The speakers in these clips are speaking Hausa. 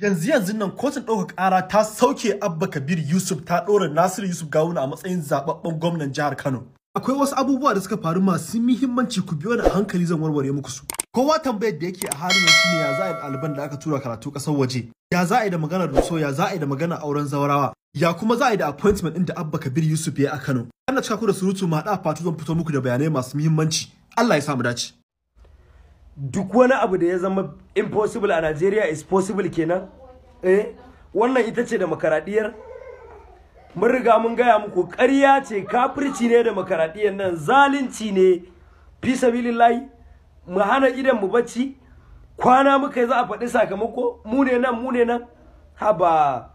yanzu yanzu nan kotun ɗaukar ƙara ta sauke abba kabir yusuf ta ɗora Nasiru yusuf gawuna a matsayin zaɓaɓɓen gwamnan jihar kano akwai wasu abubuwa da suka faru masu muhimmanci ku biyo da hankali zan warware muku su kowa tambayar da yake a halin yanzu ne ya za a yi ɗaliban da aka tura karatu ƙasar waje ya za a yi da maganar ruso ya za a yi da maganar auren zawarawa ya kuma za a yi da appointment ɗin da abba kabir yusuf ya yi a kano ana cika ku da surutu ma haɗa fatu zan fito muku da bayanai masu muhimmanci allah ya samu dace duk wani abu da ya zama impossible a Nigeria is possible kenan eh wannan ita ce demokaradiyar mun riga mun gaya muku ƙarya ce kafirci ne demokaradiyar nan zalunci ne fi mu hana idan mu bacci kwana muka yi za a faɗi sakamako mu ne nan mu ne nan haba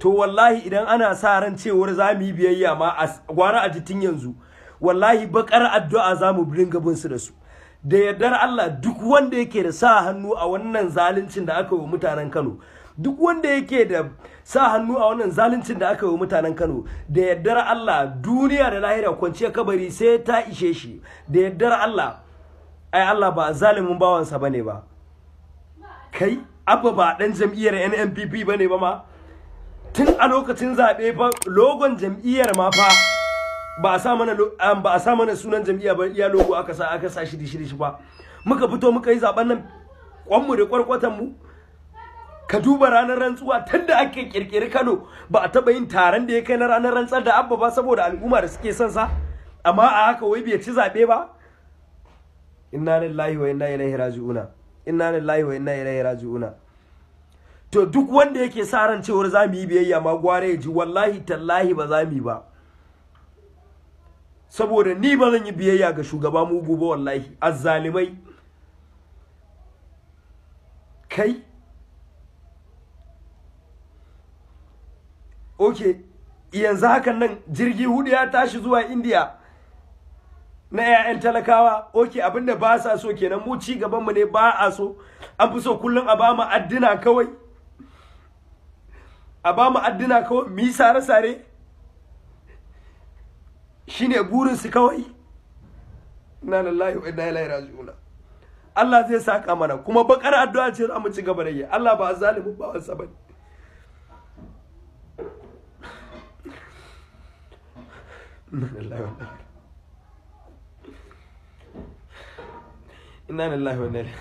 to wallahi idan ana sa ran cewar za mu yi biyayya ma a gwara a jitin yanzu wallahi bakar addu'a za mu bringa bin su da su da yardar Allah duk wanda yake da sa hannu a wannan zaluncin da aka yi wa mutanen Kano duk wanda yake da sa hannu a wannan zaluncin da aka yi wa mutanen Kano da yardar Allah duniya da lahira kwanciyar kabari sai ta ishe shi da yardar Allah ai Allah ba zalimin bawansa bane ba kai abba ba dan jam'iyyar NNPP bane ba ma tun a lokacin zaɓe fa logon jam'iyyar ma fa ba a sa mana ah, ba a sa mana sunan jami'a ba iya logo aka sa aka sa shi dishi shi ba muka fito muka yi zaben nan kwanmu da kwarkwatan mu ka duba ranar rantsuwa tunda ake kirkiri Kano ba a taba yin taron da ya kai na ranar rantsar da abba ba saboda al'umma da suke son sa amma a haka wai bai ci zabe ba inna lillahi wa inna ilaihi raji'una inna lillahi wa inna ilaihi raji'una to duk wanda yake sa ran cewar zamu yi biyayya ma gware ji wallahi tallahi ba zamu yi ba saboda ni ba zan yi biyayya ga shugaba mugu ba wallahi azzalimai kai ok yanzu hakan nan jirgi hudu ya tashi zuwa indiya na 'ya'yan talakawa ok abinda ba sa so kenan mu ci gabanmu ne ba a so an fi so kullum a ba mu addina kawai a ba mu addina kawai mu yi sare-sare shine burinsu kawai na lallahi wa inna ilaihi raji'una Allah zai saka mana kuma bakar addu'a ce za mu ci gaba da yi Allah ba zalimin ba wasa ba inna lillahi wa inna ilaihi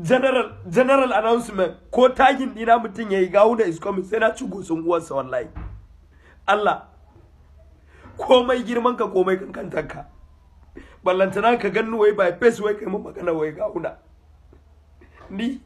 general general announcement ko tagin dina mutum ya yi gawo da is coming sai na ci gosun uwansa wallahi Allah komai girman ka komai kankantar ka ballantana ka gannu wai by face wai kai mun magana wai gauna ni